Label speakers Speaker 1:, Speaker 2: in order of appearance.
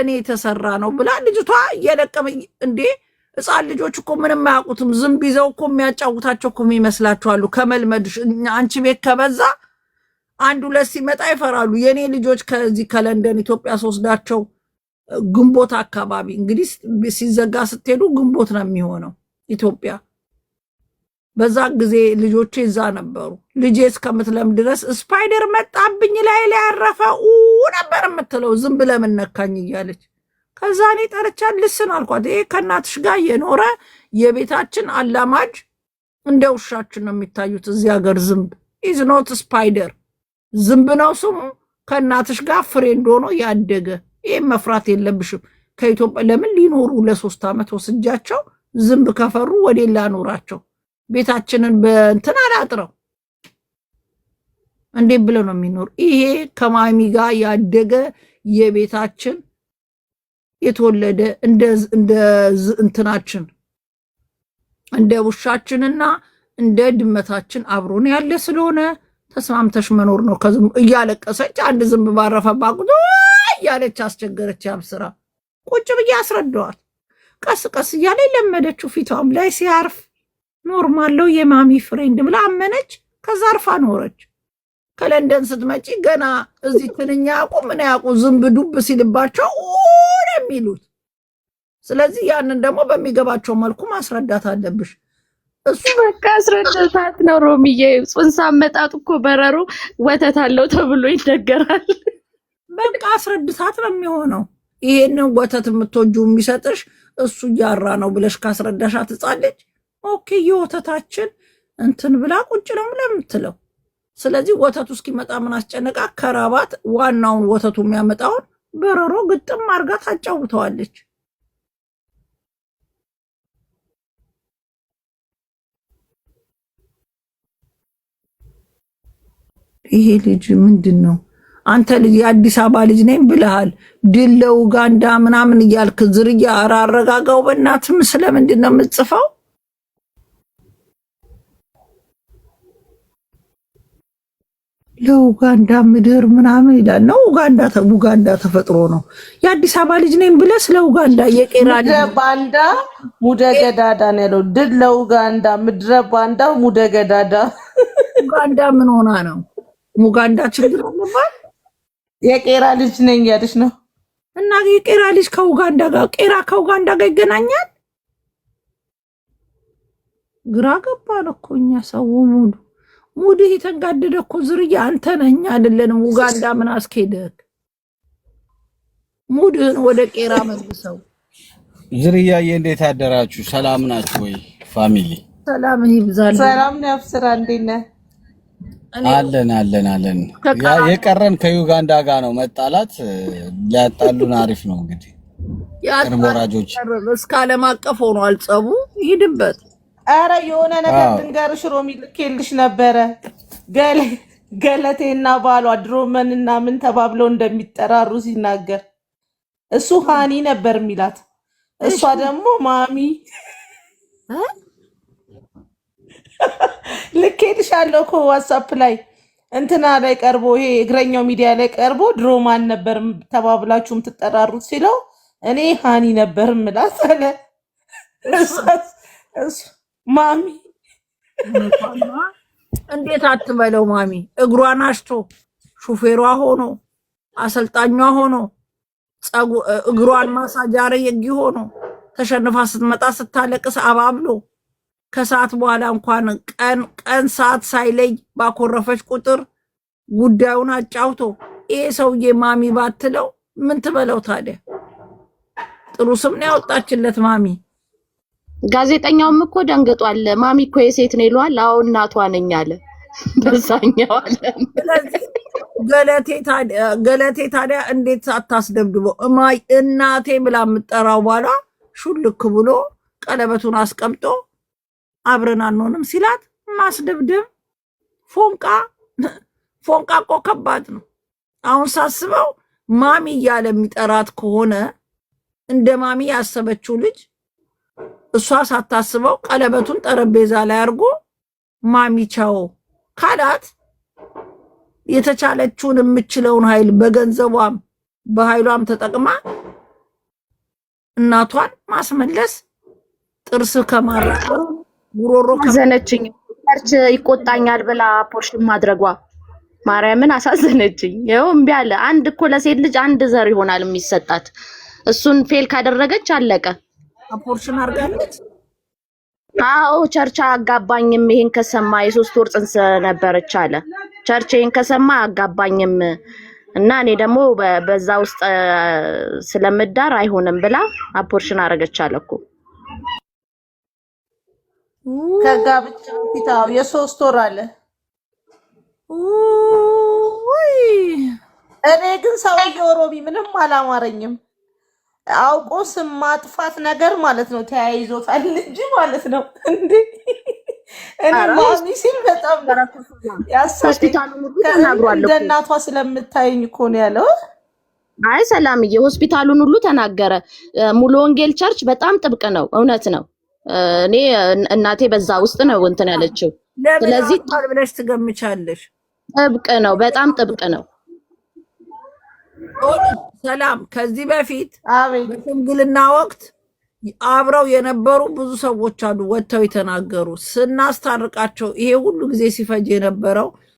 Speaker 1: እኔ የተሰራ ነው ብላ ልጅቷ እየለቀመ እንዴ ህፃን ልጆች እኮ ምንም አያውቁትም። ዝም ቢዘው እኮ የሚያጫውታቸው እኮ የሚመስላችኋሉ። ከመልመድሽ አንቺ ቤት ከበዛ አንድ ሁለት ሲመጣ ይፈራሉ። የእኔ ልጆች ከዚህ ከለንደን ኢትዮጵያ ስወስዳቸው ግንቦት አካባቢ እንግዲህ ሲዘጋ ስትሄዱ ግንቦት ነው የሚሆነው ኢትዮጵያ። በዛ ጊዜ ልጆቼ እዛ ነበሩ። ልጄ እስከምትለም ድረስ ስፓይደር መጣብኝ ላይ ላይ ያረፈው ነበር የምትለው ዝም ብለህ ምን ነካኝ እያለች ከዛ እኔ ጠርቻት ልስን አልኳት። ይሄ ከእናትሽ ጋር የኖረ የቤታችን አላማጅ እንደ ውሻችን ነው የሚታዩት እዚህ ሀገር ዝንብ ኢዝ ኖት ስፓይደር ዝንብ ነው ስሙ። ከእናትሽ ጋር ፍሬንድ ሆኖ ያደገ ይህም መፍራት የለብሽም። ከኢትዮጵያ ለምን ሊኖሩ ለሶስት ዓመት ወስጃቸው ዝንብ ከፈሩ ወዴላ ኖራቸው ቤታችንን በእንትን አላጥረው እንዴት ብለው ነው የሚኖር? ይሄ ከማሚ ጋር ያደገ የቤታችን የተወለደ እንደ እንትናችን እንደ ውሻችንና እንደ ድመታችን አብሮን ያለ ስለሆነ ተስማምተሽ መኖር ነው። ከዝም እያለቀሰች አንድ ዝንብ ባረፈባ እያለች አስቸገረች። ያም ስራ ቁጭ ብዬ አስረዳዋል። ቀስ ቀስ እያለ ለመደችው። ፊቷም ላይ ሲያርፍ ኖርማለው የማሚ ፍሬንድ ብላ አመነች። ከዛ አርፋ ኖረች። ከለንደን ስትመጪ ገና እዚህ ትንኛ ያውቁ ምን ያውቁ ዝንብ ዱብ ሲልባቸው የሚሉት። ስለዚህ ያንን ደግሞ በሚገባቸው መልኩ ማስረዳት አለብሽ።
Speaker 2: እሱ በቃ አስረዳታት ነው። ሮሚዬ ጽንሰ አመጣጥ እኮ በረሮ ወተት አለው ተብሎ ይነገራል።
Speaker 1: በቃ አስረድታት ነው የሚሆነው። ይሄንን ወተት የምትወጁ የሚሰጥሽ እሱ እያራ ነው ብለሽ ካስረዳሻት ሕፃን ልጅ ኦኬ የወተታችን እንትን ብላ ቁጭ ነው ለምትለው ስለዚህ ወተቱ እስኪመጣ ምን አስጨነቃ? ከራባት ዋናውን ወተቱ የሚያመጣውን በረሮ ግጥም አርጋ ታጫውተዋለች። ይሄ ልጅ ምንድን ነው? አንተ ልጅ የአዲስ አበባ ልጅ ነኝ ብለሃል። ድል ጋንዳ ምናምን እያልክ ዝርያ አራረጋጋው በእናትም ስለምንድን ነው የምጽፈው? ለኡጋንዳ ምድር ምናምን ይላል ነው። ኡጋንዳ ተፈጥሮ ነው። የአዲስ አበባ ልጅ ነኝ ብለህ ስለ ኡጋንዳ የቄራ
Speaker 3: ባንዳ ሙደ ገዳዳ ነው ያለው። ድል ለኡጋንዳ ምድረ ባንዳ ሙደ ገዳዳ።
Speaker 1: ኡጋንዳ ምን ሆና ነው? ኡጋንዳ ችግር አለባት።
Speaker 3: የቄራ ልጅ ነኝ ያለች ነው።
Speaker 1: እና የቄራ ልጅ ከኡጋንዳ ጋር ቄራ ከኡጋንዳ ጋር ይገናኛል። ግራ ገባን እኮ እኛ ሰው ሙሉ ሙድህ የተጋደደ እኮ ዝርያ አንተ ነህ፣ እኛ አይደለንም። ኡጋንዳ ምን አስኬደህ ሙድህን ወደ ቄራ መልሰው።
Speaker 4: ዝርያዬ እንዴት አደራችሁ? ሰላም ናችሁ ወይ ፋሚሊ?
Speaker 1: ሰላም ይብዛል።
Speaker 5: ሰላም ነው። አፍስራ እንዴት ነህ?
Speaker 4: አለን አለን አለን። የቀረን ከዩጋንዳ ጋር ነው መጣላት። ሊያጣሉን አሪፍ ነው እንግዲህ።
Speaker 1: ቅርብ ወራጆች እስከ ዓለም አቀፍ ሆኗል ጸቡ። ይሂድበት
Speaker 5: አረ የሆነ ነገር ድንገርሽ ሮሚ ልኬልሽ ነበረ ገለቴና ባሏ ድሮመንና ምን ተባብለው እንደሚጠራሩ ሲናገር እሱ ሃኒ ነበር የሚላት፣ እሷ ደግሞ ማሚ ልኬልሻለሁ እኮ ዋትሳፕ ላይ እንትና ላይ ቀርቦ ይሄ እግረኛው ሚዲያ ላይ ቀርቦ ድሮ ማን ነበር ተባብላችሁ የምትጠራሩት ሲለው እኔ ሃኒ ነበር ምላት አለ። ማሚ
Speaker 1: እንዴት አትበለው ማሚ እግሯን አሽቶ ሹፌሯ ሆኖ አሰልጣኟ ሆኖ እግሯን ማሳጃረ የጊ ሆኖ ተሸንፋ ስትመጣ ስታለቅስ አባብሎ ከሰዓት በኋላ እንኳን ቀን ቀን ሰዓት ሳይለይ ባኮረፈች ቁጥር ጉዳዩን አጫውቶ ይሄ ሰውዬ ማሚ ባትለው ምን ትበለው ታዲያ? ጥሩ ስም ነው ያወጣችለት ማሚ።
Speaker 2: ጋዜጠኛውም እኮ ደንግጧል። ማሚ እኮ የሴት ነው ይለዋል። አዎ እናቷ ነኝ አለ። በዛኛው አለ
Speaker 1: ገለቴ። ታዲያ እንዴት አታስደብድበው? እማይ እናቴ ብላ የምጠራው በኋላ ሹልክ ብሎ ቀለበቱን አስቀምጦ አብረን አንሆንም ሲላት ማስደብደብ ፎንቃ ፎንቃ እኮ ከባድ ነው። አሁን ሳስበው ማሚ እያለ የሚጠራት ከሆነ እንደ ማሚ ያሰበችው ልጅ እሷ ሳታስበው ቀለበቱን ጠረጴዛ ላይ አድርጎ ማሚቻው ካላት የተቻለችውን የምችለውን ኃይል በገንዘቧም በኃይሏም ተጠቅማ እናቷን ማስመለስ ጥርስ ከማራቀ ጉሮሮ
Speaker 2: አሳዘነችኝ። ቸርች ይቆጣኛል ብላ ፖርሽን ማድረጓ ማርያምን አሳዘነችኝ። ይኸው እምቢ አለ። አንድ እኮ ለሴት ልጅ አንድ ዘር ይሆናል የሚሰጣት። እሱን ፌል ካደረገች አለቀ። አፖርሽን አዎ ቸርች አጋባኝም ይሄን ከሰማ የሶስት ወር ጽንስ ነበረች አለ። ቸርች ይሄን ከሰማ አጋባኝም እና እኔ ደግሞ በዛ ውስጥ ስለምዳር አይሆንም ብላ አፖርሽን አደረገች አለ እኮ
Speaker 5: ከጋብቻ የሶስት ወር አለ። እኔ ግን ሰውዬው ምንም አላማረኝም። አውቆ ስም ማጥፋት ነገር ማለት ነው። ተያይዞታል ልጅ ማለት ነው እንዴ እኔ ማሚ ሲል በጣም እንደ እናቷ ስለምታየኝ እኮ ነው ያለው።
Speaker 2: አይ ሰላምዬ፣ ሆስፒታሉን ሁሉ ተናገረ። ሙሉ ወንጌል ቸርች በጣም ጥብቅ ነው። እውነት ነው። እኔ እናቴ በዛ ውስጥ ነው እንትን ያለችው።
Speaker 1: ስለዚህ ብለሽ ትገምቻለሽ።
Speaker 2: ጥብቅ ነው፣ በጣም ጥብቅ ነው።
Speaker 1: ሰላም፣ ከዚህ በፊት በሽምግልና ወቅት አብረው የነበሩ ብዙ ሰዎች አሉ፣ ወጥተው የተናገሩ ስናስታርቃቸው ይሄ ሁሉ ጊዜ ሲፈጅ የነበረው